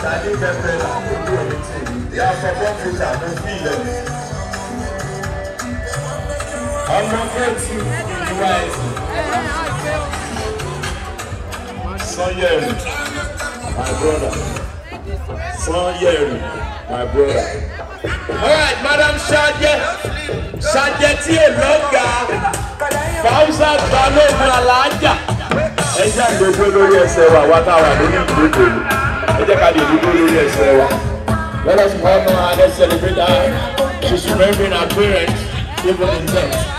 Tani pẹpẹ my brother. Sanyẹ̀rì, my brother right, Madam Ṣadé, Ṣadé tí èlò ga, Fausa Balógun Alájà. Ẹ jẹ́ àgbègbè lórí ẹsẹ̀ wa, wá tá a wà lórí ìgbèkè. Ẹ jẹ́ ká lè dúró lórí ẹsẹ̀ wa. Let us honor and celebrate our, she should remain our parents, even in death.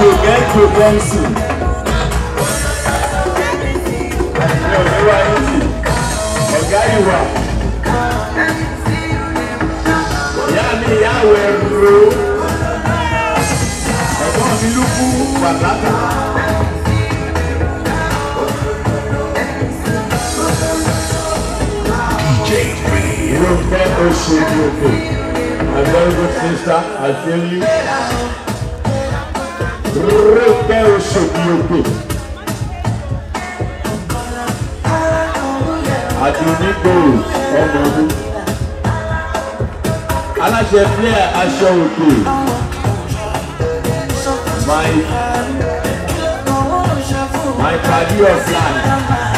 to get to pencil. mi ò you. wá ẹ̀sì ọ̀gá ìwà. ìyá mi ìyáwó ẹ̀rọ ẹ̀gbọ́n mi ló kú wàlátà. You're better, so you're good. My very good sister, I tell you. Rónkẹ́ Òṣòdì Òkè. Àdùnní Gold ọmọ ọdún. Aláṣẹ Flẹ̀ Aṣọ Òkè. My my party of life.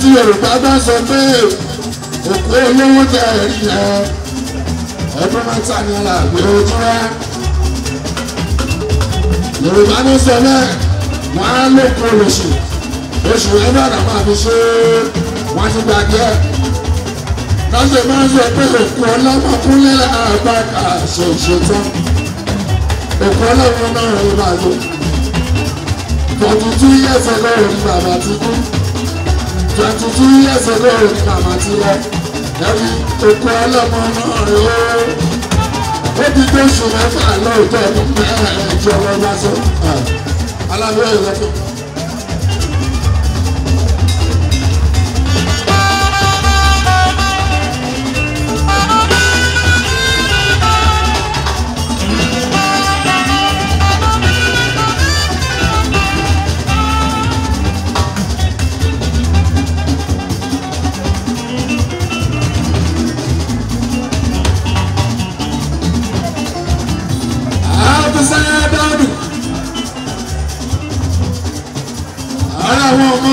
tí Yorùbá bá sọ pé òkú olówó tẹ ẹ̀rí yẹn ọdún mẹ́ta ni làgbé ojú rẹ̀ Yorùbá ní sọ bẹ́ẹ̀ wọ́n á lóko lóṣù oṣù ẹgbẹ́ àná máa fi ṣe wọ́n ti gbàgbé lọ́sẹ̀ máa ń sọ pé òkú ọlọ́mọkúnlé àbáka ṣòṣò tán òkú ọlọ́mọ náà ló bá lò forty two years ago ni bàbá ti kú twenty two years ago ni màmá ti lọ ẹbí okú ọlọ́mọ náà rè ó ó ti tó oṣù mẹ́fà lóòótọ́ ní mẹ́rin ìjọba ọba sọ ah, alábẹ́ ìrọ́pọ̀.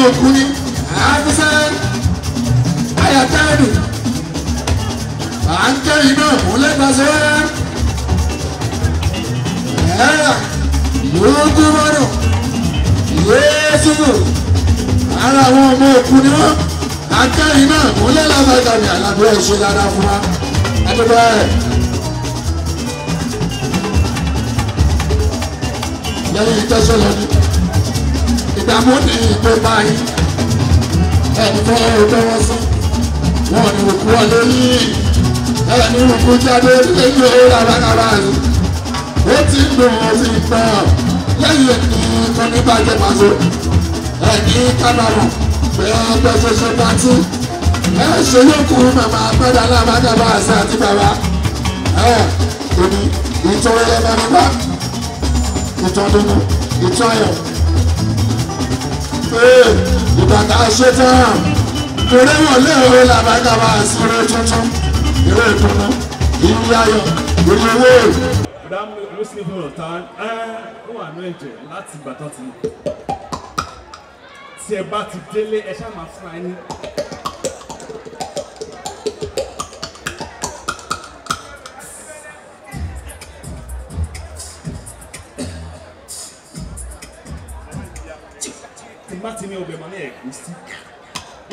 òkú ni àfisẹ́ ayàtẹ́ẹ̀dù à ń tẹ́ iná múlẹ́gbàsẹ́ ẹ̀ẹ́dà lóògùn mọ́dọ̀ yéésù ara àwọn ọmọ òkú ni wọ́n à ń tẹ́ iná múlẹ́gbàsẹ́ ni àlàbò ẹ̀ ṣe dáadáa fún wa adébọ̀ ẹ̀. lẹ́yìn tẹ́sán lọ́dún ìdààmú ní ìjọba yìí ẹni tó lọ́wọ́ sùn wọn ni òkú ọlẹ́ yìí ẹni òkú jáde lẹ́yìn owó rárára ni ó ti ń dùn ó ti pẹ́ ọ lẹ́yìn ẹni tó ní bàjẹ́ pàṣẹ ẹni kábàrọ̀ bẹ́ẹ̀ bẹ́ẹ̀ ṣoṣo pàtó ẹ ṣe yókù màmá pẹ́ẹ́dà lábàdàbà àṣà àti bàbá ẹ èmi ìtọ́wẹ́lẹ́ bá mi bá ìtọ́dúnú ìtọ́yọ̀ pé ìgbà tá a ṣe tán torí wọn lé òwe làbàkà bá a sí eré tuntun eré ìtùnú ìlú ayọ̀ ìlú owó. láti ìgbà tó ti ẹ bá ti délé ẹ ṣáà máa fún ẹ ní. If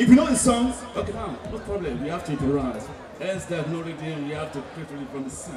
you know the song, okay down, no problem, we have to improvise. Instead of no rhythm, we have to quickly from the scene.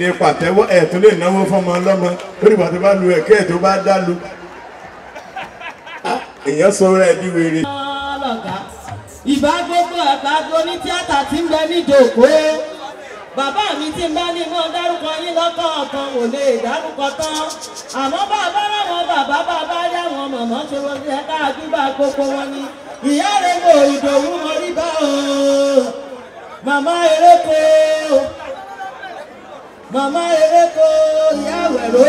lè pàtẹ́wọ́ ẹ̀ tó lè náwó fọmọ ọlọ́mọ lórí ìgbà tó bá lu ẹ̀kẹ́ ẹ̀ tó bá dá lu ah, èèyàn sọ̀rọ̀ ẹ̀ bí wèrè. ìbá gbogbo àgbàgbọ́ ní tíátà tí ń bẹ níjòkó bàbá mi tí ń bá ní mọ́ dárúkọ yín lọ́kọ̀ọ̀kan ò lè dárúkọ tán àmọ́ bàbá ráwọn bàbá bàbá ráwọn màmá ṣe wọ́n ṣe káàdú gbogbo wọn ni ìyá rẹ̀ mo ìdòwú mọ́ rí bá màmá eréko. Mama ereko ìyáwẹ̀rọ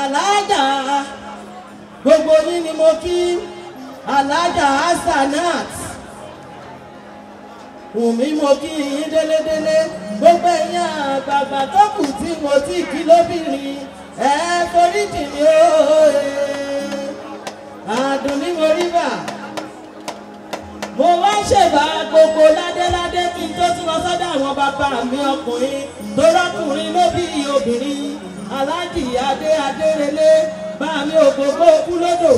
aláàjà gbogbo yín ni mo kí aláàjà hasanat wùmí mo kí yín délédélé gbogbo ẹ̀yin àgbààgbà tó kù tí mo ti kí lóbìnrin ẹ foríjì mi ó adùn ní mo rí bà mo wá ṣèbá gbogbo ládéládé kí n tó tún lọ sọ́dọ̀ àwọn bàbá mi ọkùnrin tó rọ́kùnrin ló bí obìnrin aláàjì adé adérelé bá mi ògbógbó kú lódò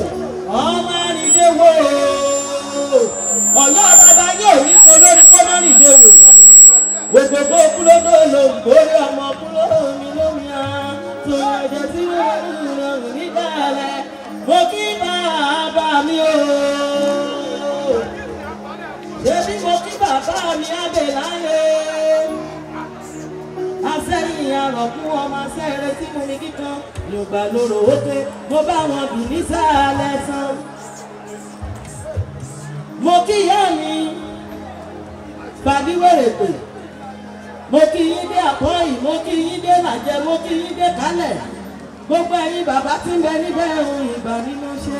ọmọ àrídé wò ọ̀yọ́ bàbá yóò rí kan lórí kọ́mọ́rìndé wò gbogbo kú lódò ló ń borí ọmọ kú lódò mi lómi á tó ọjọ́ tí ìrọ̀rùn nígbà rẹ̀ mo kí bàbá mi o. Ṣébí mo kí bàbá mi àgbè láyé. Asẹ́yìn àrọ̀kún ọmọ asẹ́rẹ́ tí mo ní kíkan. Yorùbá lóró ó pé mo bá wọn bì ní sàálẹ̀ san. Mo kí ìyá mi fàdíwèrè pè. Mo kí yín dé àkọ́yì, mo kí yín dé làjẹ, mo kí yín dé kálẹ̀. Gbogbo ẹ̀yin bàbá tí ń bẹ níbẹ̀ ohun ìgbà nínú ṣe.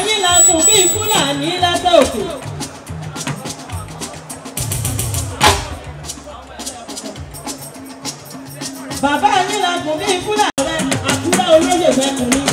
yín lagun bíi fúlàní lábẹ́ òkè. bàbá yín lagun bíi fúlàní àkúrà olóyè fẹ́ kùnrin.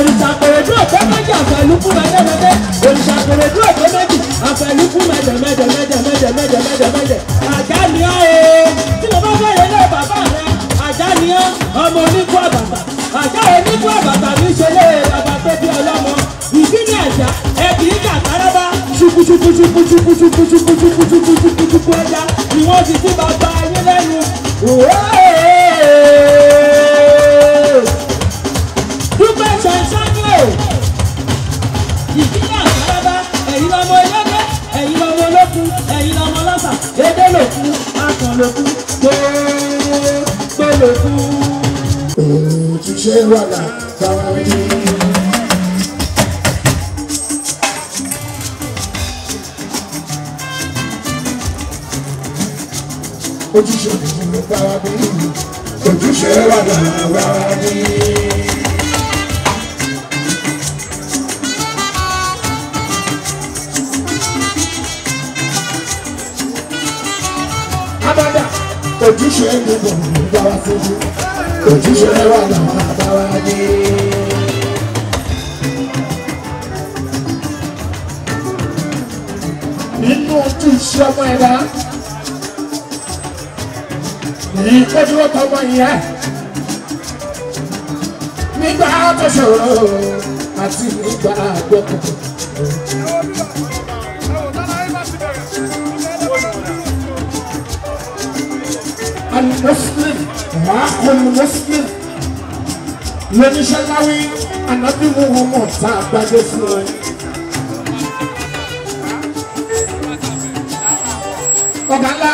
òrìṣà kòròdú òpó méjì àfẹlúkú mẹdẹmẹdẹ òrìṣà kòròdú òpó méjì àfẹlúkú mẹdẹmẹdẹmẹdẹmẹdẹmẹdẹmẹdẹ àjà ni ọ́ o tí mo bá bẹ̀rẹ̀ lé bàbá rẹ àjà ni ọ́ ọmọ oníkú àbàtà àjà oníkú àbàtà mi ṣe lé bàbá tó bí ọlọ́mọ ìdí ní àjà ẹbí ìjà tàràbà ṣukuṣukuṣukuṣukuṣukuṣukuṣukuṣukuṣukuṣukuṣukuṣukuṣukuṣ tá a gba Jésù rẹ. ọ̀gá ńlá.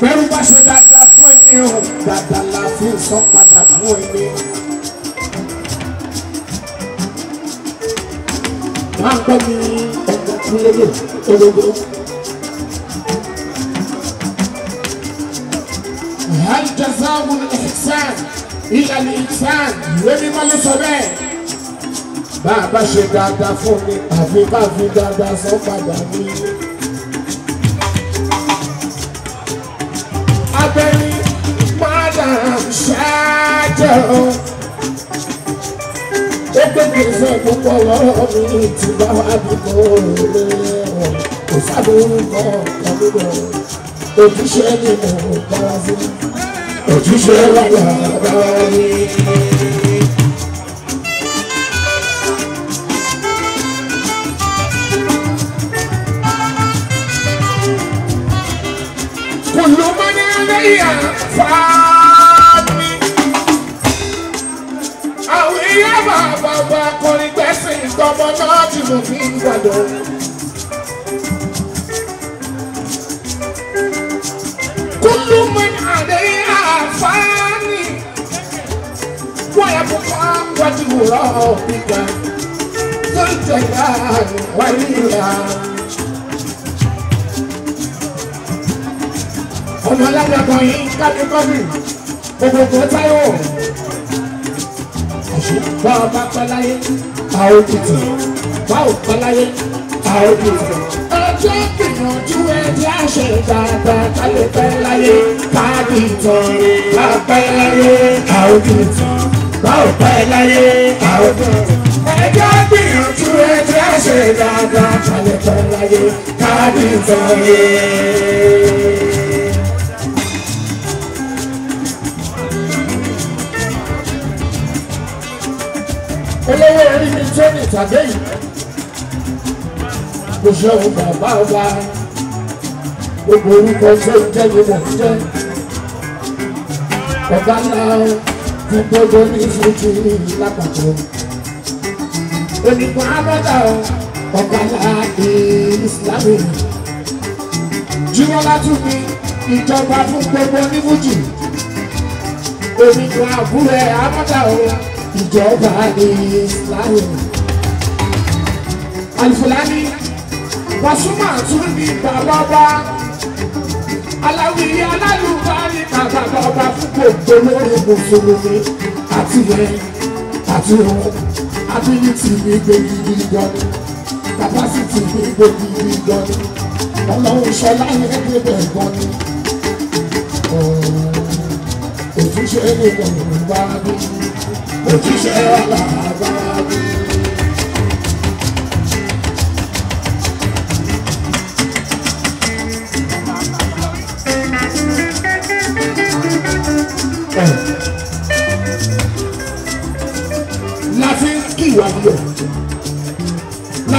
bẹ́rù bá ṣe dáadáa fún ẹni o dáadáa la fi sọ padà fún ẹni. máa ń gbọ́ mi ẹ̀ka tí ó lé lè ológo. هل جزاء الإحسان إلى الإنسان èmi kọ́ ló sọ bẹ́ẹ̀. bá a bá ṣe dáadáa fún mi àfi bá a fi dáadáa sọ padà mí. abẹ́rin madam ṣáájọ́ ó gbẹ́gbẹ́ sọ ojúṣe lágbàgbà ni. kùlù mọ́ ní ẹlẹ́yà fáàmì àwọn ìyá bàbá wa kọrin gbẹ́sìn tọmọ afani waya kufa wati wuro pika tuntega waliya ọmọ alágbàgbọ́ yìí kájú kọ́bí gbogbo táyọ̀ ọ̀ṣùgbọ́n ọba pẹ́láyé àwọn òkìtì báwo pẹ́láyé àwọn òkìtì jẹ́ gbìyànjú ẹ̀jẹ̀ àṣẹ bàbá kálẹ̀ pẹ́ láyé káàdì ìtàn bá pẹ́ láyé àwòdì ìtàn bá ò pẹ́ láyé àwòdì ìtàn. ẹ̀jẹ̀ gbìyànjú ẹ̀jẹ̀ àṣẹ bàbá kálẹ̀ pẹ́ láyé káàdì ìtàn yé. olówó orí mi tó ní tàbí èyí mo ṣe ń bàbá wa gbogbo orúkọ tó ń jẹ́ ìmọ̀ jẹ́ ọ̀gá náà ti gbogbo ní ìfúnjú lápapọ̀ onígbà mọ́tà ọ̀gá náà ní ìsìlámù jíwọ́lá tún ní ìjọba fún gbogbo onífúnjù onígbà àbúrò ẹ̀ amọ́tà ọ̀gá ìjọba ní ìsìlámù alifulani. Wàsímà tún ní bàbá bá. Aláwìyé alálùbárí bàbá bàbá fún gbogbo lórí Mùsùlùmí àti yẹn àti òun. Ability mi gbé gidi gan. Capacity mi gbé gidi gan. Ọlọ́run ṣọlá yẹn gbé bẹ́ẹ̀ gan ni. Òtúnṣe ni mo bá bí. Òtúnṣe ọ̀la bá bí.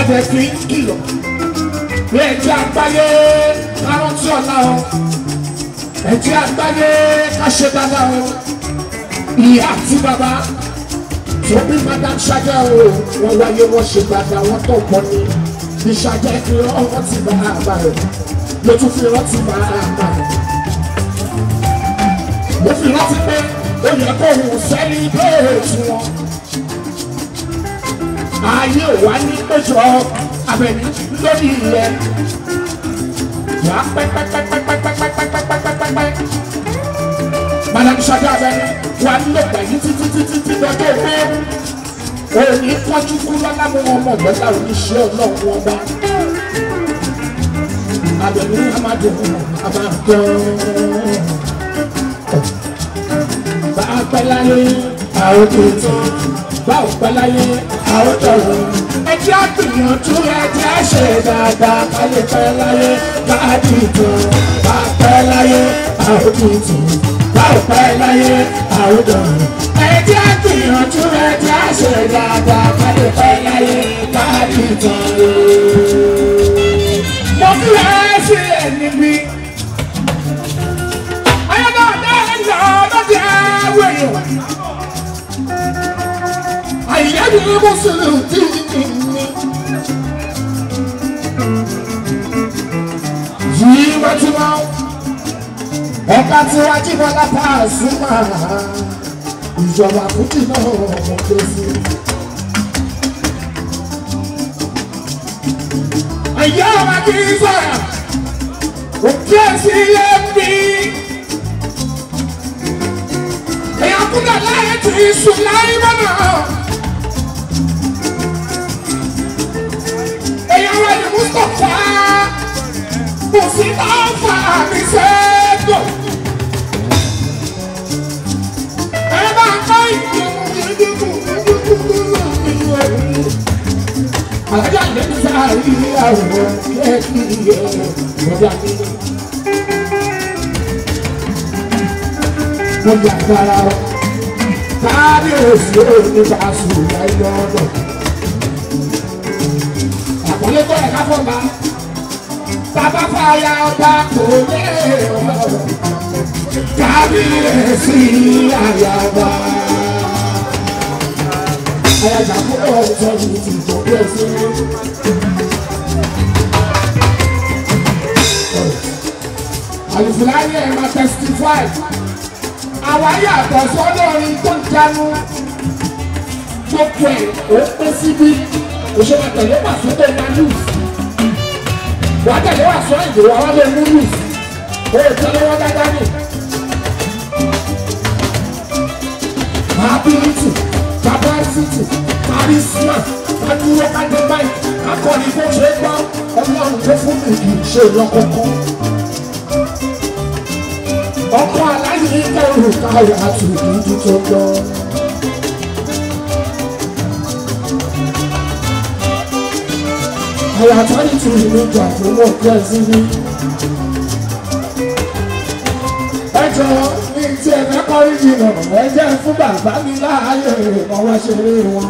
tẹ̀ sí kìlọ̀ ẹ̀jẹ̀ àgbáyé rántí ọ̀la o ẹ̀jẹ̀ àgbáyé káṣe dáadáa o ìyá àti bàbá tó bí madam ṣájà o wọ́n wáyé wọ́n ṣe gbàgbà wọ́n tó pọ̀ ní ní ṣájà fi ọwọ́ ti bá àbá rẹ̀ ló tún fi rántí bá àbá rẹ̀ mo fi rántí pé ó yẹ kó òun sẹ́ni bẹ́ẹ̀ tún wọn ayé ò wá ní pèsè ọ abẹni lórí ilẹ̀ wà pẹ́pẹ́pẹ́pẹ́pẹ́pẹ́pẹ́pẹ́pẹ́ madam sọdọ abẹni wà nílò pẹ̀lú títí títí tí dọjọ́ ìwé òní pọ́njú kú lọ́lá mú wọn mọ̀ bọ́lá oníṣẹ́ ọlọ́run ọba abẹni amadu abakan bá a pẹ́ láyé àwọn tó tán bá a pẹ́ láyé ó tọrọ ẹ jẹ́ àgbìyànjú ẹ jẹ́ ṣe dáadáa ká lè pẹ́ láyé bá a dì tán bá a pẹ́ láyé bá a dì tán bá a pẹ́ láyé bá a dọ̀rọ̀ ẹ jẹ́ àgbìyànjú ẹ jẹ́ ṣe dáadáa ká lè pẹ́ láyé bá a dì tán. mo fi ẹ́ sí ẹni mi. ẹni ní mo sọ̀rọ̀ tí ìdí mi. Yìí mọ́túmọ́, ọ̀gá tí wá jí bọ́lá pàṣẹ máa ìjọba Kútì náà mọ̀ tó sí. Ẹ̀yọ́ ọba kì í sọ̀rọ̀, òkè sí ilé mi. Ẹ̀yà kúndà láyé tí ìṣù láyé mọ́nà. tó fà á kò sí bá fà á ní sẹ́ẹ̀dọ̀. ẹ bá ká Àlájá ìlẹ́nu sáré àwòrán ẹ̀kí ẹ̀ ọjà nínú. Wọ́n gbàgbára kábíyèsí oníbàṣù láyé ọ̀dọ̀. fọba bàbá fàyà ọba kò lè ọ̀rọ̀ kábíyèsí àyàbá. Àyàjà púpọ̀ ìjọ yìí ti jọ bí òfin. Àlùfùláyé ẹ̀ máa testify. Àwa yàtọ̀ sọ́dọ̀ orin tó ń jánu. Gbogbo ẹ̀ ó pín síbí. Òṣèlú àtẹ̀lé pàṣẹ tó máa lù sí wàá tẹ̀lé wà sọ ìgbò wà wálé múlù ó ti lọ́wọ́ dáadáa nì. ability capacity charisma adúró kájọ báyìí akọni tó ṣe é gbọ́ ọlọ́run tó fún mi kì í ṣe lọ́kọ̀ọ̀kan. ọkọ aláìní kẹrù káyọ̀ àtúntò tó jọ. I am turning to the room to promote blessing. Ẹ jọ̀wọ́ ní tí ẹ fẹ́ kọ́ rí jìnnà, ẹ jẹ́ fún bàbá mi láàyè ìmọ̀wá ṣeré wọn.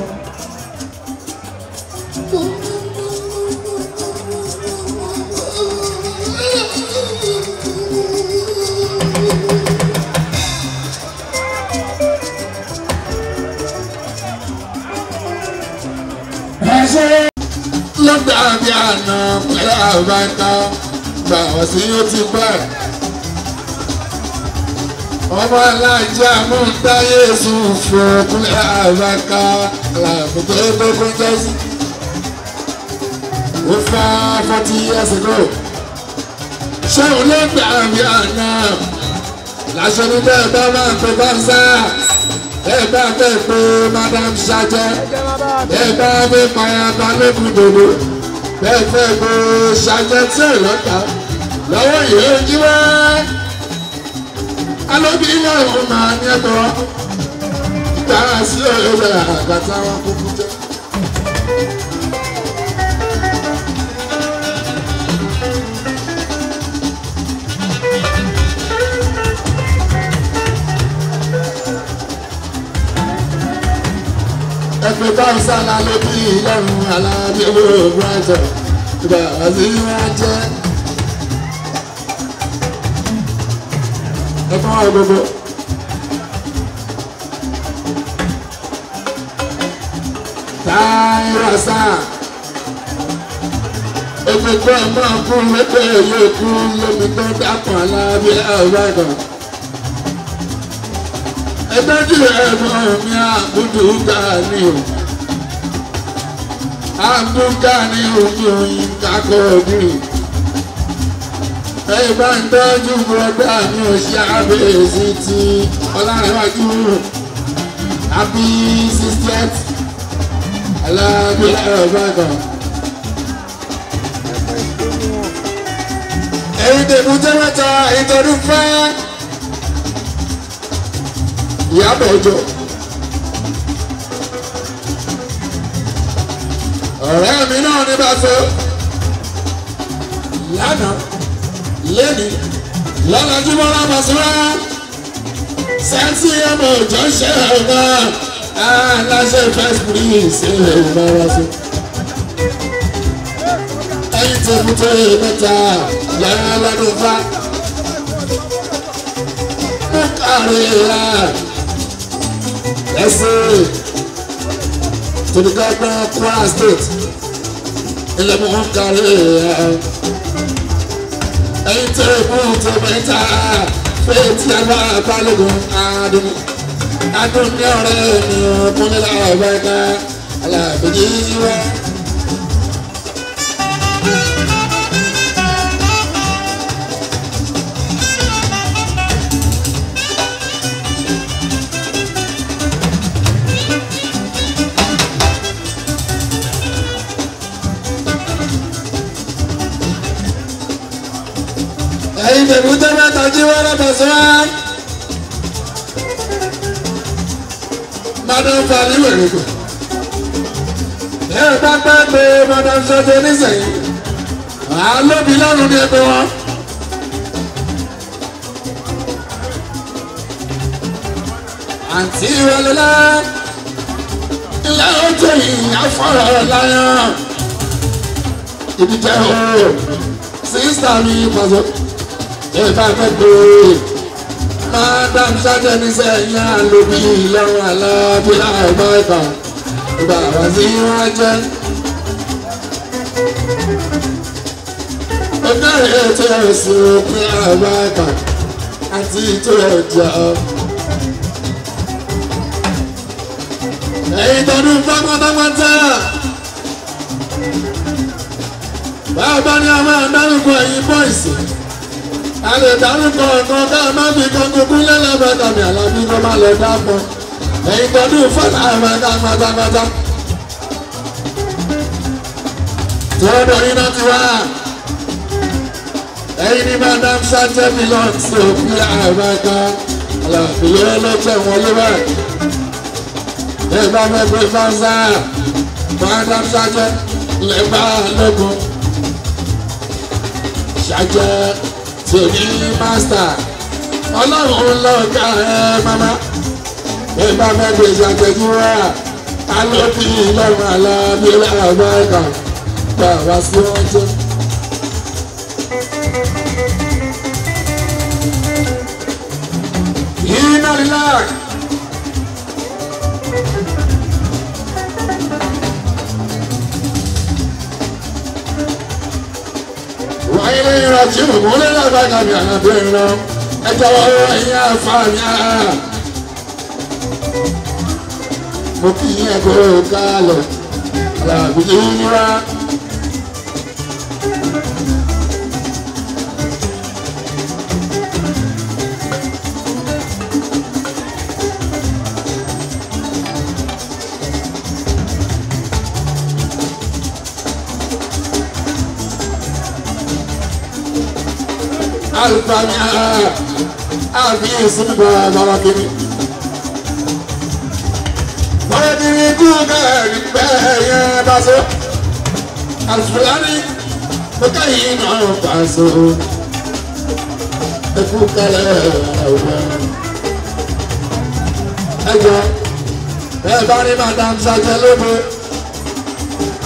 sí yóò ti pẹ́. ọba alájà mú táyé sùn fòkúnlẹ̀ àbáká làbùtò tó kún jẹ́sí. ó fá forty years ago. ṣé òun ló gbà mí àná? láṣọ ní bẹ́ẹ̀ bá máa ń pe bánsá. bẹ́ẹ̀ bá bẹ́ẹ̀ pé madam ṣájẹ́. bẹ́ẹ̀ bá bẹ́ẹ̀ payaba lókun dòdò. bẹ́ẹ̀ fẹ́ gbé ṣájẹ́ tí ò lọ́ta lọ́wọ́ yìí jí wá alóbi náà ó máa ní ẹ̀tọ́ tààrà sí ọ̀rẹ́ àgbàtà wọn kúkú jẹ́. ẹgbẹ́ báwọn sálá lóbi lọ́rùn aláàbí owó brighton ìgbà wá sí wá jẹ́. ẹ tún wá gbogbo. táyà sáà ẹgbẹ́gbẹ́ máa kú lẹ́gbẹ́ yóò kú lómi tó dápọ̀ lábẹ́ àwòrán. ẹgbẹ́ jù ẹ̀gbọ́n mi àbúdù ká ní o. àbúdù ẹ̀yìn bá ń tọ́jú bùrọ̀dá mi ò ṣe àbẹ̀sí ti ọlárẹ̀wájú happy sixtieth alábí ọ̀bàdàn. ẹ̀yin dèbù jẹ́ mẹ́ta ìtọ́jú fẹ́ ìyábọ̀ ọjọ́. ọ̀rẹ́ mi náà ní bá so lánàá lẹ́ni lọ́nà jùmọ̀lá bàṣúrà sẹ́ńtì ẹ̀mọ̀ òjò ṣe ọ̀gá aláṣẹ first prince ilẹ̀ òmà wá sí. ẹyin tó kú tó yẹ mẹ́ta lẹ́yìn ọlọ́dún fa. mú kárí ra ẹsẹ̀ to the governor of Kwara state ilẹ̀ mú kárí ra ẹ̀yin tẹ ẹ̀gbọ́n tó mẹ́ta fẹ́ẹ̀tì àgbà balógun adùn adùn ní ọ̀rẹ́ mi kúnlẹ̀ láàbàkà alábẹ́jì wá. ìjẹ̀bú tó bá tají wá látọ̀sí wá. madam fani wèrèkò ẹ pápá pé madam sọjọ nísìnyí àá lóbi lọ́rùn ní ẹgbẹ́ wọn. àǹtí ìrọ̀lẹ́lá lẹ́yìn tó yìnyín afọ́rọ̀ láyọ̀ ibi jẹ́ o sísá mi pàṣẹ ìta mẹ́gbẹ́ madam sajani sẹ́yìn àlòbí ìlọrin alábíà ẹ̀gbọ́n ẹ̀ka ìgbà wá sí wọn jẹ́. ọ̀gáyé tí a sùn òpin ẹ̀gbọ́n ẹ̀ka àti ìtò ẹ̀jẹ̀ ọ̀. ẹ̀yin tọdún pátápátá báwo bá ní a máa dárúkọ ẹ̀yin bọ́ìsì a lè dárúkọ ọ̀kan ká má fi kan kúkú lẹ́lẹ́fẹ́ tàbí àlàbí kó má lọ dápọ̀ ẹ̀yin tọ́jú fọ́nà àmàdá pátápátá. tí wọ́n bọ̀ nínú ti wá ẹ̀yin ní madam sánchez pilot sí òfin àmàdá àlàfíà ọlọ́tẹ̀ wọn ló wà. ẹ bá fẹ́ pé fáńsá madam sánchez lè bá a lọ́gùn tòní mástà ọlọ́run lọ́gà ẹ mama ẹ bá fẹ́ gbèsè àtẹ̀júwà alóbì lọ́run alábí lára ọgbà ẹ̀ka bàbá sí ọjọ́. ayẹyẹ ìrọ tí mo mú lé lágbàgà mi àná tó ń lọ ẹ jọ̀wọ́ ẹ̀yin àǹfààní ara. mo kì í ẹ̀kọ́ ká lọ àlàbí ìmúra. alukanya abi sunba barakini. Fadiri kuka baso alfulani kuka ino baso ekuka lewa. Ẹjọ́ bá rí madam sajẹ lóbo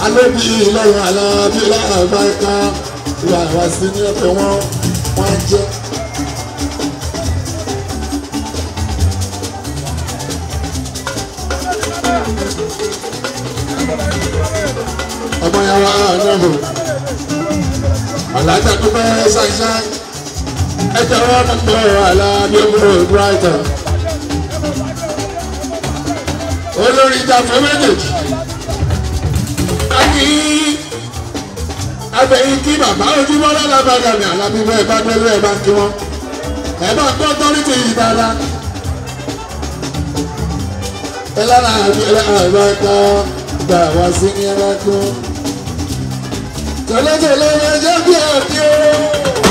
alóbi lẹ́yìn alábílẹ̀ àbáyíká ìyá àwa sí ní ẹ̀fẹ̀ wọn máa jẹ́. ọmọ yàrá náà alájà tó bẹ́ẹ̀ ṣàṣà ẹjọ́ wọn tọ́ alábíọ́mọ́ brighton olórí ìjà fẹ́ méjèèjì abẹ́yìn kí bàbá ojúmọ́ lára bàdà ní alábí bẹ́ẹ̀ bá gbẹ́lẹ́ ẹ̀ bá kí wọ́n ẹ̀ bá gbọ́ tọ́lí ti yìí dáadáa. ẹ lára àbí ẹ lára ẹ gbà wá sí ní ẹ bá kú. tọ́lẹ́tọ̀lẹ́ jẹ́ bí ẹ kí ó.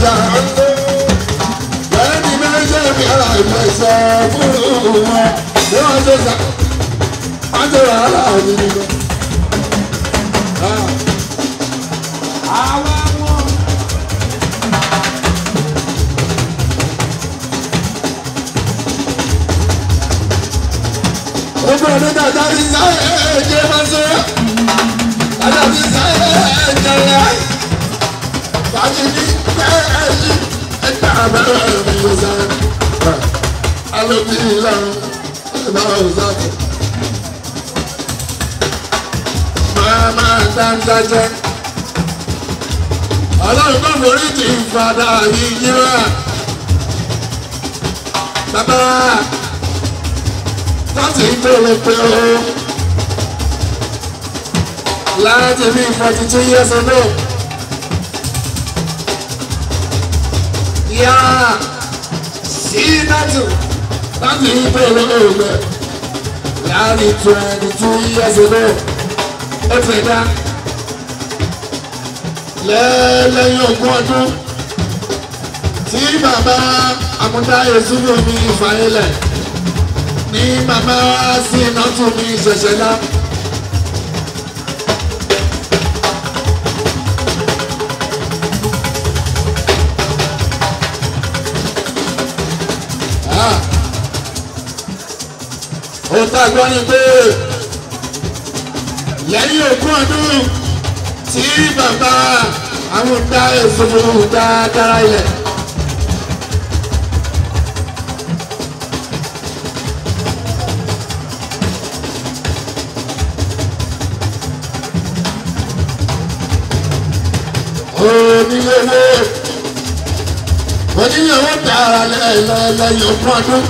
ìjà ńlẹ lẹ́ni méjì mi ara ìmọ̀ọ́sẹ̀ fún wọn ní wọn ṣe sà wọn ṣe wà ara òní nìkan. Ogun ọdún náà dábì sáyé ẹ̀ẹ́dẹ́gbẹ́sẹ̀. Adábì sáyé ẹ̀ẹ́dẹ́gbẹ́sẹ̀. lóbi lẹ́nu ẹ̀dá òzàkù. Máa máa dáńdá jẹ́. Ọlọ́run náà lórí forty two years ago. Yeah. See you, Natu láti ìbéèrè ògbẹ́ láàrin twenty two years ago ó ti dá lẹ́lẹ́yìn ogún ọdún tí bàbá àmúdá Yusufu mi fàyẹlẹ̀ ní màmá sí iná tún mi ṣẹ̀ṣẹ̀ náà. ọ̀rọ̀ tá a gbọ́ ni pé lẹ́yìn ogún ọdún tí bàbá àwọn ọ̀dà èso ọ̀dà dára yẹ. onílé owó onílé owó tààrà lẹ́yìn ogún ọdún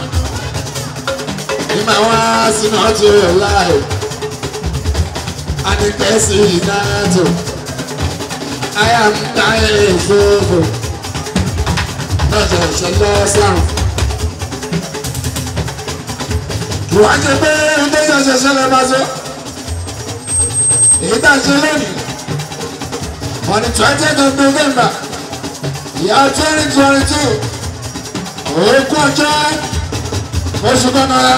in my wife's not your life. And the best is not I am dying forever. Not That's a lost sound. You want to be in the social media? It doesn't live. On the 20th of November, year 2022, Oku Ọjọ́ oṣù kọkànlá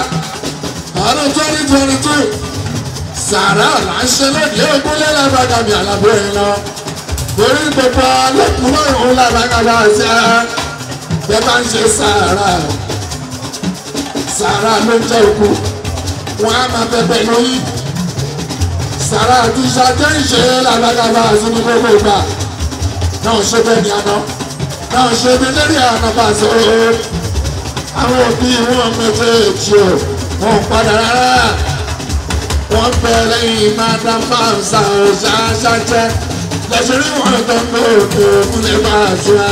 ọdún twenty twenty two sàrà là ń ṣe lónìí ogúnlé lábàgà mi àlàbò ẹ̀ lọ torí gbogbo alẹ́kùnrin òun làbàgà bá ṣe ara bẹ́ẹ̀ bá ń ṣe sàrà sàrà ló ń jẹ́ òkú wọn á máa bẹ̀bẹ̀ lóyún sàrà àti ṣàjẹ́ ìṣe làbàgà bá ṣe ní gbogbo ìgbà náà àwọn òbí wọn méjèèjì o wọn padà rárá wọn bẹ lẹ́yìn madam fansa ọ̀ṣáṣáṣẹ́ lẹ́sìn rí wọn tó ń bẹ òkè òkúlẹ̀ bá a ti ra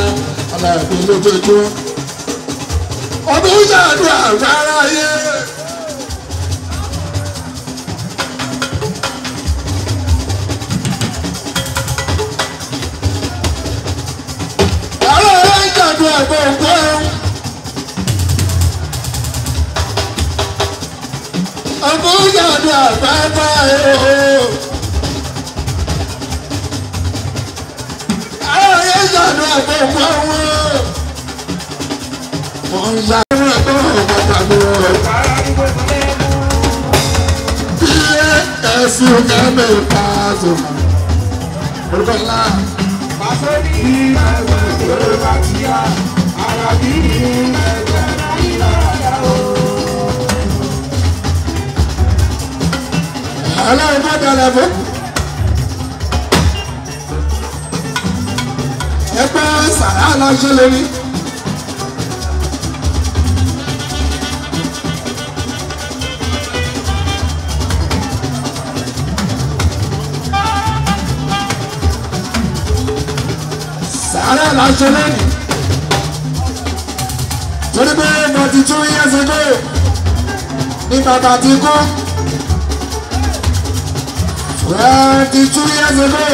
aláàbí lójoojúmọ́. ọdún ṣàdúrà rárá yé. Gbogbo ọ̀gbọ́n. àmúyàdù àgbàgbà ẹ̀rọ. ààyè yàdù àgbàgbà wọn. wọ́n yà wọ́n àgbàgbà wọn. iye ẹ̀sìn kẹ́mẹ́ pàṣẹ. ọlọ́run má dọ̀lẹ̀ fún. ẹ pé sàrà lọ ṣe lè rí. sàrà lọ ṣe lè rí. torí pé forty two years ago ni bàbá ti twenty two years ago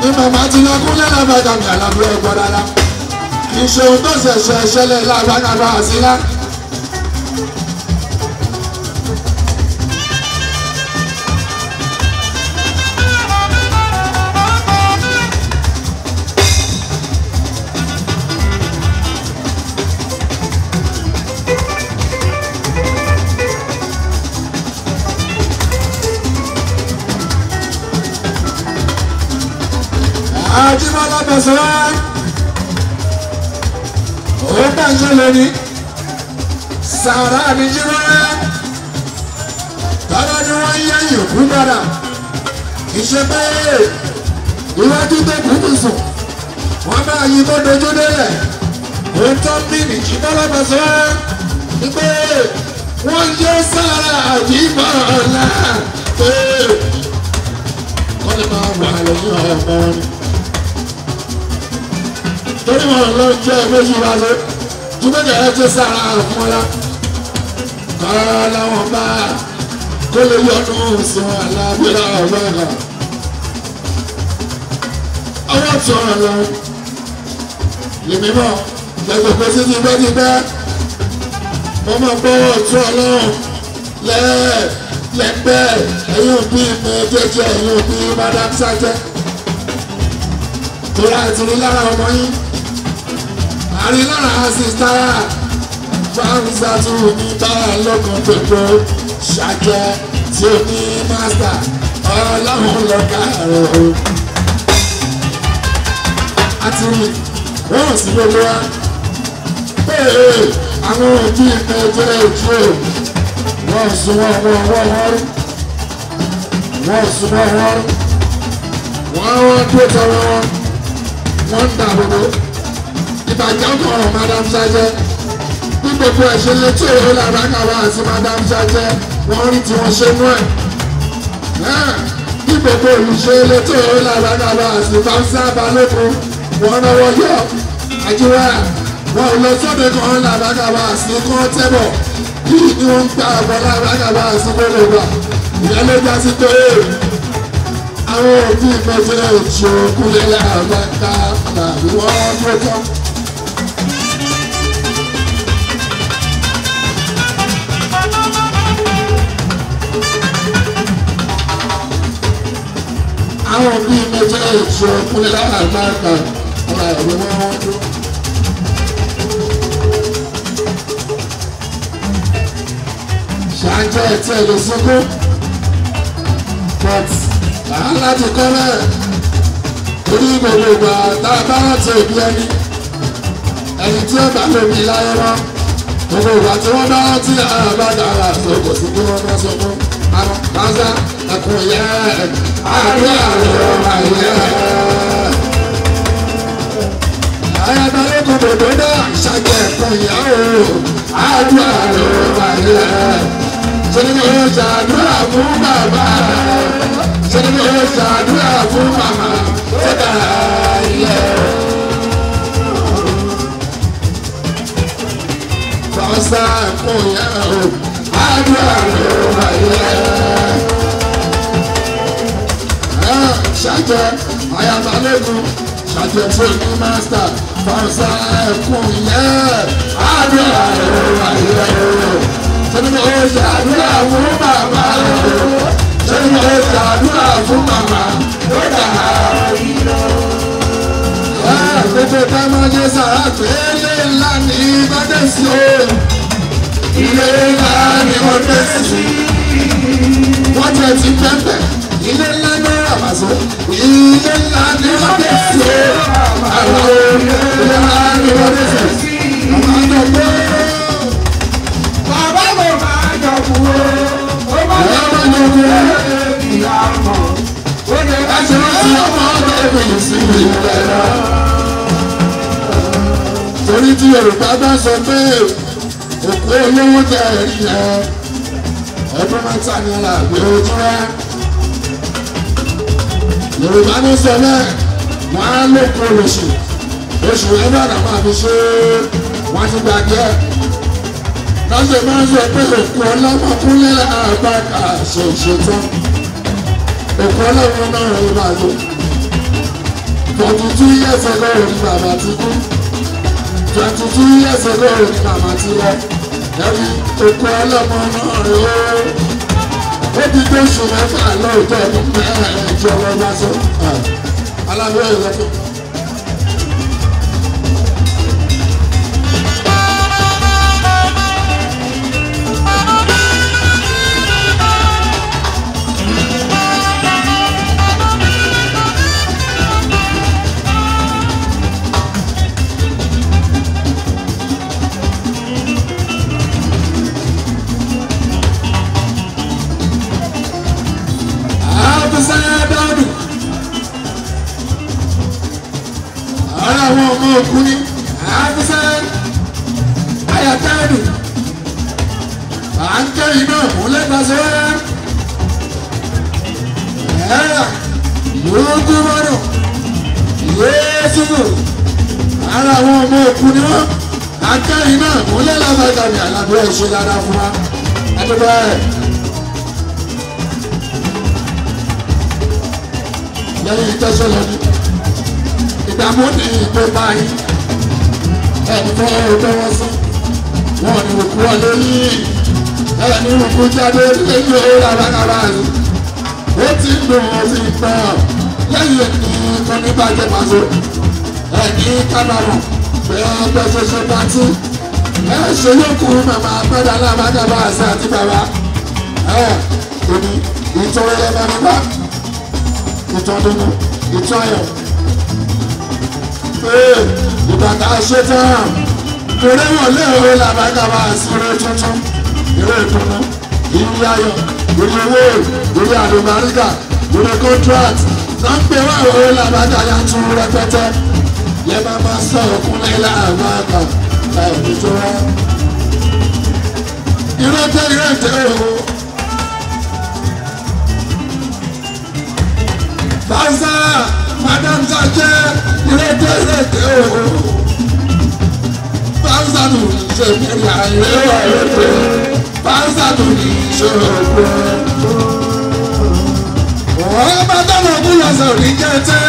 ni màmá ti lọ kúnlẹ̀ lábàdàn ní àlàbúrò ẹ̀gbọ́n rárá kì í ṣe ohun tó ṣẹ̀ṣẹ̀ ṣẹlẹ̀ lábàdàn àti láti. Àjíbọ́lá Bẹ̀sẹ̀wá ó bàjẹ́ lórí sàrà àdìjíbọ́lá tọ́lá ni wọ́n yẹ yòókù padà ìṣe pé iwájú tó kù kù sùn wọ́n bá yí tó dojú délẹ̀ ó tọ́ bí Àjíbọ́lá Bẹ̀sẹ̀wá ni pé wọ́n yẹ sàrà àdìjíbọ́lá pé wọ́n lè máa torí wọn ló ń jẹ́ méjì wáyé jùmọ̀jà ẹ ti sára àfọlá kọ́ra làwọn bá kó lè yọdún sọ alábílà ọ̀gbẹ́gà ọwọ́ tó ń lọ lèmi mọ̀ gbẹgbẹgbẹ títí bẹ́ẹ̀ ti bẹ́ẹ̀ mo máa bọ́wọ́ tó ọlọ́run lẹ́ẹ̀ lẹ́gbẹ́ ẹ̀yìn òbí mi jẹ́jẹ́ ẹ̀yìn òbí madam sajẹ́ tó láti rí lára ọmọ yín àrílára sista fáwùsà tó ní báyà lọ́kàn pẹ̀lú ṣàkẹ́ tí ó ní mástà ọlọ́run lọ́ka rẹ̀ o. àti wọ́n sì gbogbo wa bẹ́ẹ̀ àwọn òbí mi jẹ́ ojú o wọ́n sún wọ́n wọ́n wọ́n wọ́n rí wọ́n sún wọ́n wọ́n rí wọ́n wọ́n tó tọrọ wọn wọ́n ń dà gbogbo ìbàjẹ́ ọkọ̀ madam ṣáṣẹ́ bí gbogbo ẹ̀ṣẹ̀ létí èrè lára kàwá àti madam ṣáṣẹ́ wọ́n rí tí wọ́n ṣe nú ẹ̀ bí gbogbo olùṣe létí èrè lára kàwá àti fáṣá balógun wọ́n rọwọ́ yọ àjíwá wọn ò lọ sóde kan lára kàwá àti kan tẹ́bọ̀ bí ni wọ́n ń gbà wọ́n lára kàwá àti gbogbo gbà ìyẹn ló já sí pé àwọn òbí méjèèjì òkú lẹ́la àgbàdá àbí wọ́n tó tán. àwọn òbí mi jẹ́ èso fúnniláwà àgbààgbà ọ̀rọ̀ ẹ̀rọ wọn wọ́n dún. ṣáájú ẹ̀tí ẹ̀ lè but wàhálà ti kọ́ náà torí gbogbo ìgbà tá a bá rántí òbí ẹni ẹni tí ó bá lòbí láyé wọn gbogbo ìgbà tí wọ́n bá rántí àràbàdà àrà àti òkòtì tí wọ́n bá sọ fún àwọn pásá ẹkùn yẹn Òdòdó ṣàjẹ́ fún ìyàwó àdúrà ló wà nílẹ̀. Sẹ́ni ó ṣàdúrà fún bàbá. Sẹ́ni ó ṣàdúrà fún màmá. Ó dára ilẹ̀. Bọ́sà fún ìyàwó àdúrà ló wà nílẹ̀ ṣàjẹ́ ayaba lẹ́gùn ṣàjẹ́ tí o ní mástà fàrùsà ẹ̀kún yẹ́ àdúrà ẹ̀rọ ìrẹ́ sẹ́ni ó ṣàdúrà fún bàbá sẹ́ni ó ṣàdúrà fún màmá lọ́dà ìlọ. Pépé bá máa jẹ sàrà pélé ńlá ní Bádẹ́sì o. Ilé ńlá ni mo dé sí. Wọ́n jẹ ti pẹ́pẹ́, ilé ńlá náà àmàṣe ilé ńlá ni wọ́n dé sí o àwọn ilé ńlá ni wọ́n dé sí ọmọ àjọ pé. bàbá mo máa jọ kú o ó bá yọ ọmọ jọ kú o ìyá ọmọ ó lè bá ṣe wọ́n sí ọmọ ọmọ ẹgbẹ̀yìn sí ìlẹ̀ náà. torí tí Yorùbá bá sọ pé òkú olówó tẹ̀ ẹ̀rí yẹn ọdún mẹ́ta ni làgbé ojú rẹ̀ yorùbá ní sẹlẹ wọn á lè kó lóṣù oṣù ẹgbẹ́ àná máa fi ṣe wọn ti gbàgbé lọ́sẹ̀ máa ń sọ pé òkú ọlọ́mọkúnlé àgbàkà ṣòṣò tán òkú ọlọ́mọ náà ló máa lò twenty two years ago ni bàbá ti kú twenty two years ago ni bàbá ti lọ ẹ̀rí òkú ọlọ́mọ náà rẹ̀ ó. Ebi tó sùn mẹ́fà lóòótọ́ ní mẹ́rin àjọ ọlọ́dá sọ. Ah, Alábẹ́ ìrọ́pọ̀. òkú ni àfisẹ́ ayàtẹ́ẹ̀dù à ń jẹ́ iná múlẹ́gbàsẹ́ ẹ̀ẹ́dà lóògùn mọ́dọ̀ yéésù ara àwọn ọmọ òkú ni wọ́n à ń jẹ́ iná múlẹ́gbàsẹ́ ni àlàbò ẹ̀ ṣe dára fún wa adébọ̀ ẹ̀. lẹ́yìn tẹ́sán lọ́dún ìdààmú ní ìjọba yìí ẹni tó lọ́wọ́ sùn wọn ni òkú ọlẹ́ yìí ẹni òkú jáde lẹ́yìn owó rárára ni ó ti ń dùn ó ti pẹ́ ọ lẹ́yìn ẹni tó ní bàjẹ́ pàṣẹ ẹni kábàrọ̀ bẹ́ẹ̀ bẹ́ẹ̀ ṣoṣo pàtó ẹ ṣe yókù màmá pẹ́ẹ́dà lábàdàbà àṣà àti bàbá ẹ èmi ìtọ́wẹ́lẹ́ bá mi bá ìtọ́dúnú ìtọ́yọ̀ ìgbà tá a ṣe tán torí wọn lé òwe làbákàbà àṣírí tuntun ìwé ìtùnú ìwé ayọ̀ ìwé ìwé ìwé àdùnmáríkà ìwé contract náà ń pè wọn òwe làbákàyà tún rẹpẹtẹ yẹ bá máa sọ òkúnlẹ̀ làbákà láì tó wá. ìrántí ìrántí òwò. Báńsáà madam sake ìrètè ìrètè o pansanu ìṣèkìlà ìrèwà ìrètè pansanu ìṣòro. ọ̀rọ̀ bàtà náà kú lọ sọ̀rọ̀ ní jẹ́tẹ́.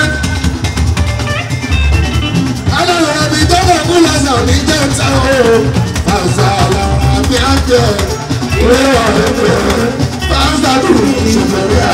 alọ́run ẹbí tó sa kú lọ sọ̀rọ̀ ní jẹ́tẹ́ o. pansanu àbí àjẹ ìrèwà ìrètè pansanu ìṣòro.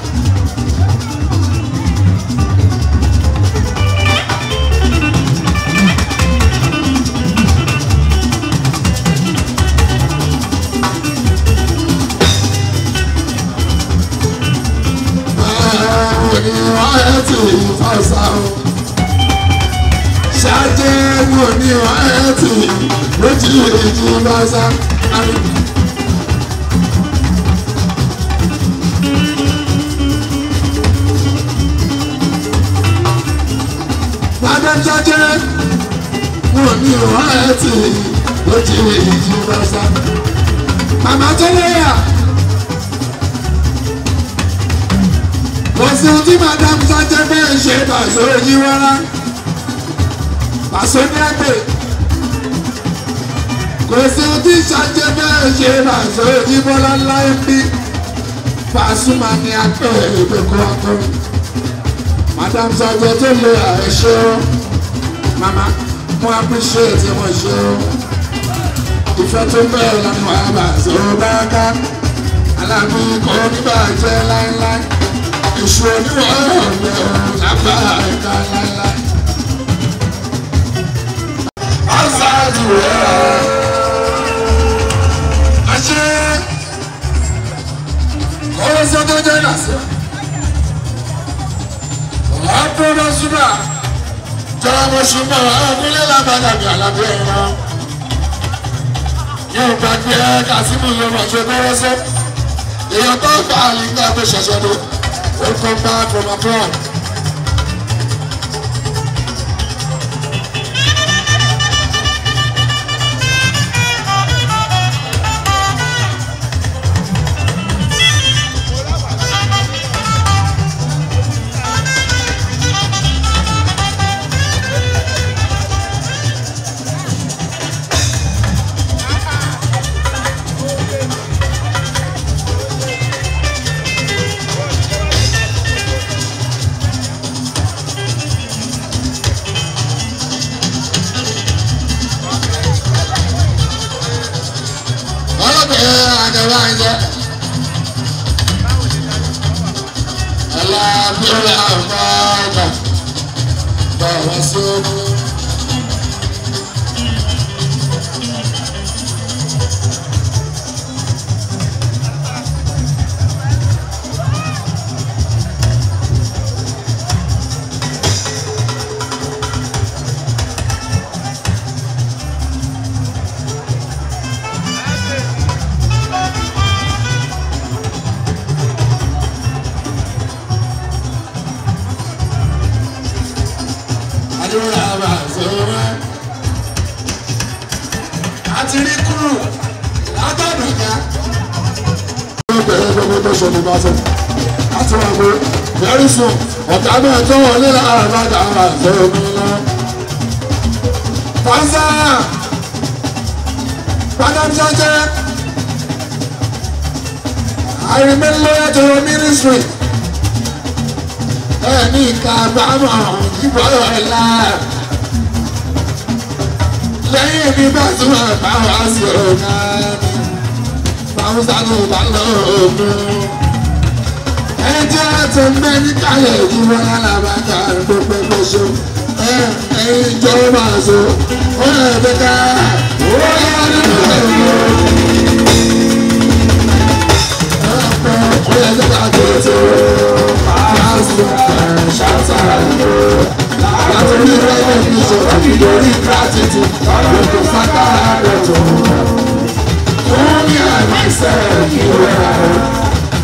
tù fàṣà o. ṣáájẹ́ kò ní ọ ẹ́ tù lójú ìjì fàṣà. Bàdá ṣáájẹ́ kò ní ọ lójú ìjì fàṣà. Màmá tó léyà. kò sí ohun tí madam sọ́jọ́ bẹ́ẹ̀ ṣe pàṣẹ òyìn rárá pàṣẹ ní àgbè kò sí ohun tí sọ́jọ́ bẹ́ẹ̀ ṣe pàṣẹ òyìn bọ́lá ńlá ẹ̀mí Pasuma ni apẹ̀ ìgbẹ́kọ̀ ọkọ madam sọ́jọ́ tó lè àìṣe ọ́ mama mo appreciate wọn ṣe ọ́ ìfẹ́ tó bẹ̀rẹ̀ lánàá àbàṣọ́ bá ká aláàbò kọ́ níbàjẹ́ láéláé ìṣó oníwọ̀n ọ̀rẹ́ sábà ẹ̀ka lálá. I'm rẹ̀ àṣẹ ọ̀rẹ́sẹ̀ tó jẹ́ nàṣẹ́. Ọ̀làdúró súnmọ́ jọra mo súnmọ́ ọ̀gbìnlẹ̀ làbàdàbí àlàbí ẹ̀rọ. Yóò gbàgbé Kásímù ló rọ̀ ṣe bẹ́rẹ́ sẹ́. Èèyàn tó gbà á lè gbà tó ṣẹ̀ṣẹ̀ lò. Let's come back from the Rasul ṣe ní bá ṣe. láti wá pé very soon ọ̀tá náà tó wọlé lára bàtà ara ìfẹ́ omi lọ. pàṣẹ pátájọ́jẹ́ àìrìmẹ́lẹ́yà tó wọ mínísírì ẹ̀ ní ìka àbámọ̀ ìbọ̀yọ̀ ẹ̀ láà lẹ́yìn mi bá tún ẹ̀ bá wá sí ọ̀gá mi. Báwo sá ló bá lọ́ọ́ mi? ẹjẹ́ tó ń bẹ ní káyọ̀ ìdíwọ́ alábàtà gbogbo gbèsò ẹ̀yìn ìjọba àṣọ ó lè fi ká ó yá nínú ẹ̀rọ. ọ̀pọ̀ ó yẹ kí ká tó tó pàṣẹ ṣàtà ìlú. láti ní ìrọ̀lẹ́ ìṣòro ìdórí gratitude ọ̀rọ̀ tó fàkàrà rẹ̀ tó. ó ní àìsàn ìwé rẹ̀.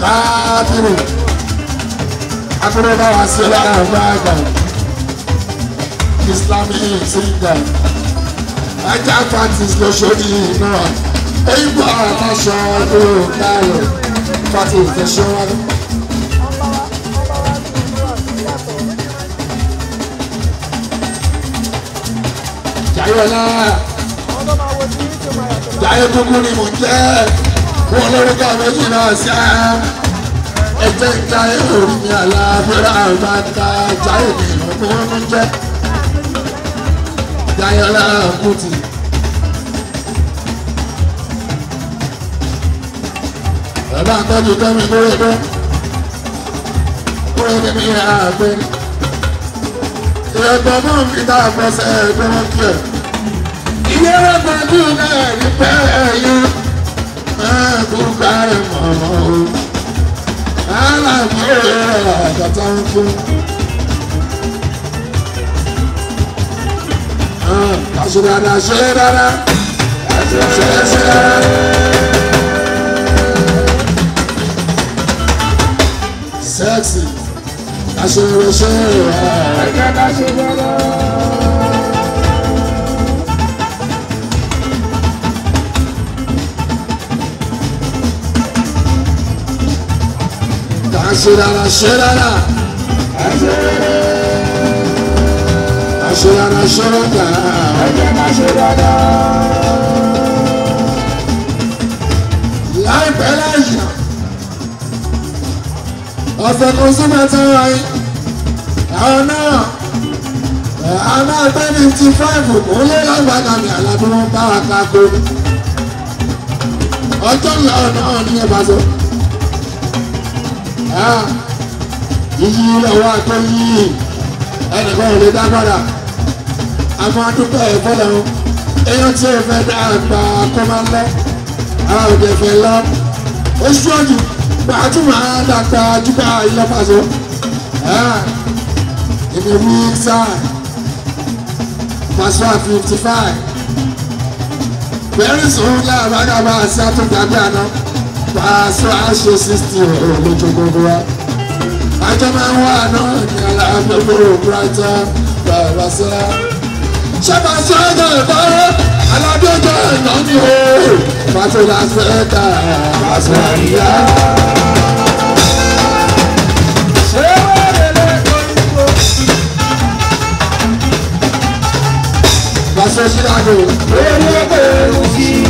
káàkiri akérèdá wa sí láàbá àgbà islamic singer ajá parties lóṣòdì náà eyíbo àtàṣọ ọdún káàlọ parties lóṣòwádìí. Jayola, Jayola, Jayola, Jayola, Jayola, Jayola, Jayola, wọn lórí ká méjì náà ṣá ẹ̀jẹ̀ ìjáyé òfin àlàáfíà àgbàta jáyé nìyẹn tó ń jẹ́ jáyé ọlọ́run kùtì. bàbá àtọ́jú tẹ́mi kúrẹ́dẹ́ kúrẹ́dẹ́ mi yà á gbé ìrẹ́gbọ́n mú mi dá àgbọ̀sẹ̀ ẹ̀gbọ́n kí ẹ̀ ìyẹ́rẹ́ gbọ́dún náà rí pẹ́ ẹ̀yìn ẹ̀kún gbárẹ̀ mọ̀mọ́ o aláàbò rẹ̀ àgàtà ń kú. kàṣù dáadáa ṣe é Ashirara Shirara Ashirara Shirara Life láyà ọ̀sẹ̀ kan sí mẹ́ta wáyé àwọn náà àwọn ẹgbẹ́ fifty five múlẹ̀ lágbàdàn ní àlàbí wọn bá wa ká gbóni ọjọ́ ńlá ọ̀nà ọ̀nìyẹn bá sọ. Ah. yíyí lọ́wọ́ àtọ́ yíyí ẹnìkan ò lè dá padà àwọn adúgbò ẹ̀ fọ́lẹ̀ o èèyàn tí ò fẹ́ dá àgbà kọ́ máa lọ àwọn òde fẹ́ lọ ó ṣọ́ọ̀jù gbàtúmọ̀ àdàgbà jùlọ ìlọ́pàṣọ ìní ah. wíńsà pàṣọ fifty five very soon láàbàgàbà àti àtúntàgbà náà pàṣẹ àṣẹ sixty olójú gbogbo wa ajá máa ń wá náà ní aláàbẹ̀bọ̀ òkúrata bàbá sọ́lá ṣẹ́bà sọ́jà ẹ̀kọ́ alábẹ́jọ́ ẹ̀yọ́ ni o pàṣẹ làṣẹ dà pàṣẹ àríyá. Pàṣẹ sílá ni o. Orí ẹgbẹ́ òsì.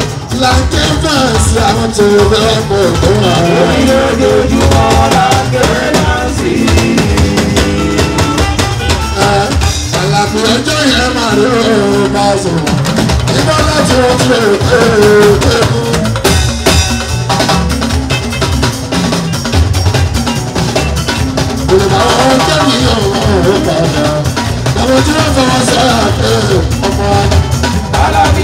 Like a fancy, I want to rẹ̀ mọ̀ tó wà. Oyin you, la ké náà sí. Àlàkù ẹjọ́ yẹn to rí òun bá sọ̀rọ̀. Ibà láti wọ́n ti rè pé pé kú. Olùbáwọ̀ ọjọ́ mi yóò wọ́n padà.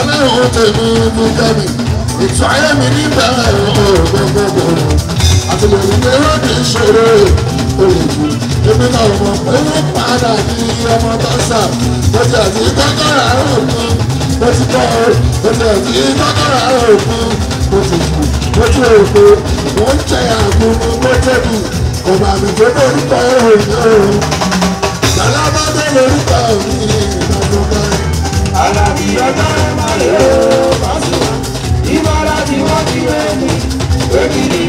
ọlọ́run tèmi mú kẹ́mi ètò ayé mi nígbà gbogbogbò àtìlẹyìn mi ó ní ìṣòro òyìnbó èmi náà mọ̀ pé wọ́n padà ní ọmọ tọ́sà mo ti àti kọ́kọ́rọ́ àárọ̀ mi mo ti kọ́ mo ti àti kọ́kọ́rọ́ àárọ̀ mi mo ti kù mo ti rò pé mo ń jẹ àgbo mi mo tẹ̀lé kò mi gbé lórúkọ ẹ̀rọ ìyá o làlábàdé lórúkọ mi ìgbà alábí ọjọ́ rẹ̀ má lè o Pasuma ìmọ̀ra tí wọ́n ti wé mi wékìlì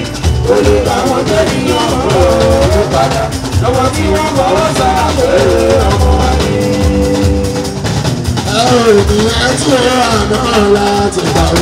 olè báwọn jẹ́ níyàn ó padà lọ́wọ́ tí wọ́n fọwọ́ sára pé ọmọ wa ni. ẹ̀rù ìdíyẹ tí ó hàn náà láti dàrú.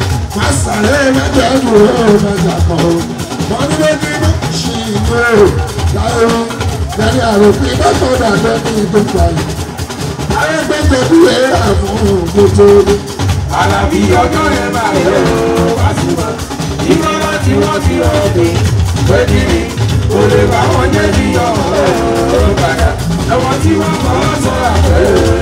Masale mẹ́jọ dúró mẹ́jọ kọ̀ ọ́. Wọ́n ní lójú inú ṣì ń wé o. Láyé o, lẹ́ni àròfin mọ́tò dàgbẹ́ ní gbogbo àyè. Arẹ́gbẹ́jọ bí ẹ rà fún gbogbo. Àlàbí ọjọ́ rẹ̀ máa yẹ o, wá sí ma. Ìmọ̀ láti wọ́n ti ọ̀gbìn. Bẹ́ẹ̀ni ni kò lè bá wọn jẹ́ bí ọ̀rẹ́ o. Bàdà ẹ̀wọ̀n tí wọ́n kọ́ sọ́ra pẹ̀lú.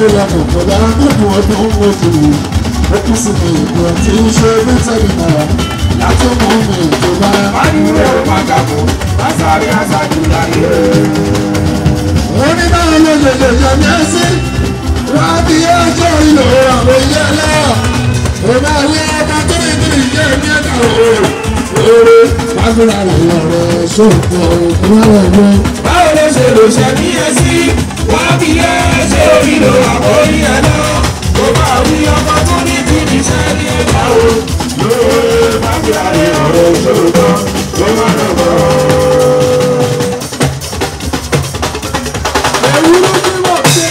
ti lẹ́kọ̀ọ́ pẹ̀lú arákùnrin ọdún oṣù mi ó kú sí mi ìgbà tí ń ṣe ní sẹ́mínà láti mú mi ìjọba. mádùúrẹ́ ò má dàbò lásàrí àṣàjù láyé. orí náà ló lè lè yọ ní ẹsẹ wá bí ọjọ́ ìlò àwọn ilé ẹlẹ́yà òun àlẹ́ ọba tó lè ní ìjẹ́ ní ẹ̀ka òru. Ore, wàá gbéra rẹ̀ lọ rẹ̀ sóòkò ọ̀rọ̀ ṣe ló ṣe mí ẹ sí wá bí ẹ ṣe orí lo àkórí ẹ lọ kó bá wí ọmọ tó ní bí níṣẹ́ ní ẹ̀ka o lóore má fi àyè ọ̀rọ̀ ìṣòro kan ló má nà bọ̀. ewúro tí mo ṣe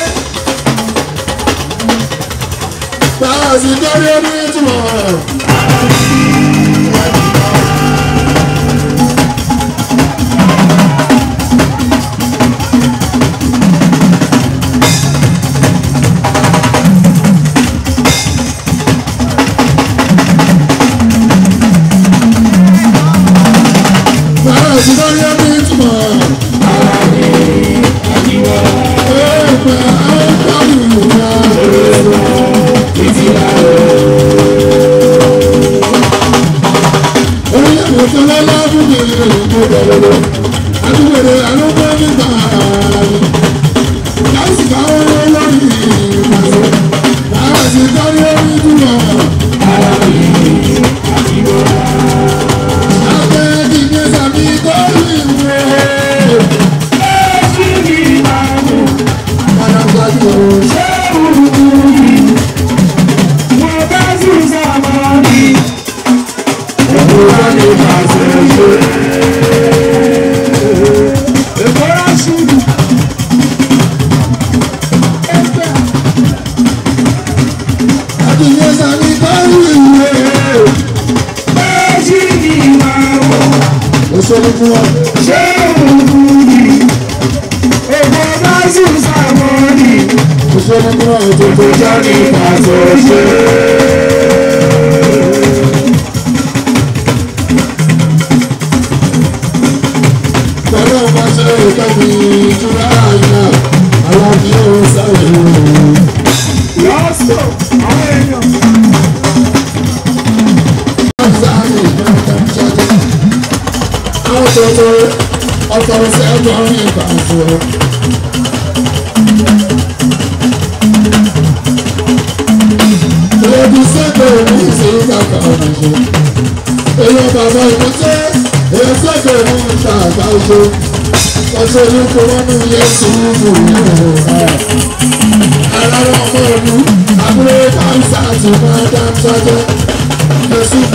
bá a sì dọ́rí ẹni tí mo rẹ̀.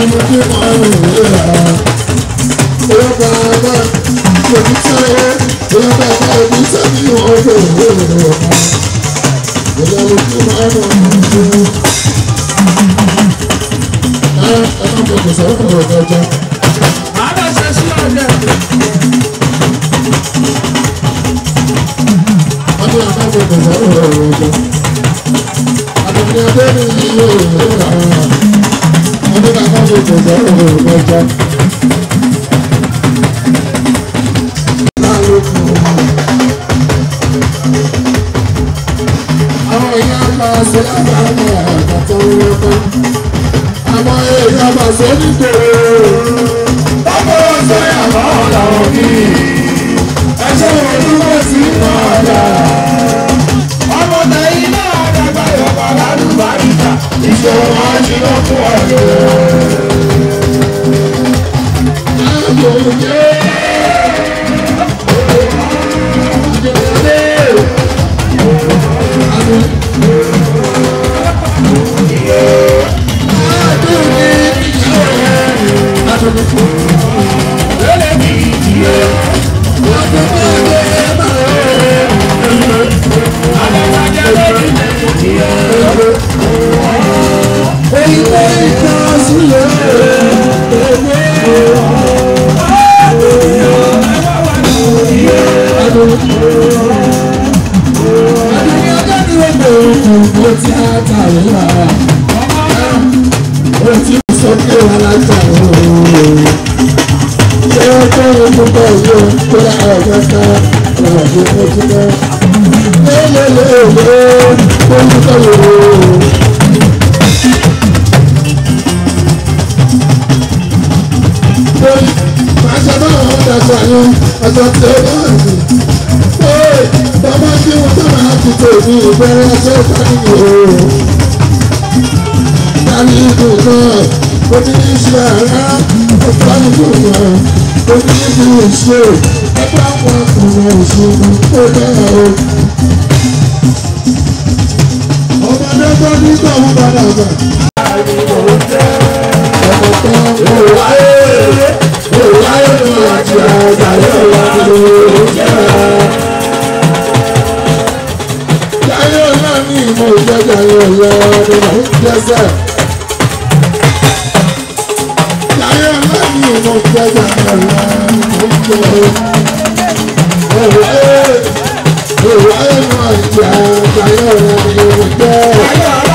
mo kí wọn rò ó rà á. Ìyọ́pọ̀ ọba òbí sáyé, ìyọ́pọ̀ ọba òbí sábí wọn rò ó rà á. Ìyá mo kí wọn rò ó rà á. Ẹ ẹ má bọ̀ èmi ìbẹ̀rẹ̀ ẹjọ́ sáyìn o. Dání ìlú náà, mo ti ní ṣe àrá, mo bá ní kò mọ̀, mo ní ìlú ìṣe, ẹ bá wọn ọ̀nà ìṣòro tó dára o. Ọba dẹ́gbẹ́ nígbà wọn padà gbà. Ọ̀pọ̀ kan ò wáyé, ò Ọ̀yọ́ ni mò ń jẹ́sẹ̀. Yàrá lẹ́yìn mo jẹ́sẹ̀ ẹ̀rọ mo jẹ́ ẹ̀rọ ẹ̀rọ ẹ̀rọ ẹ̀rọ ìjà yàrá ni mo jẹ́.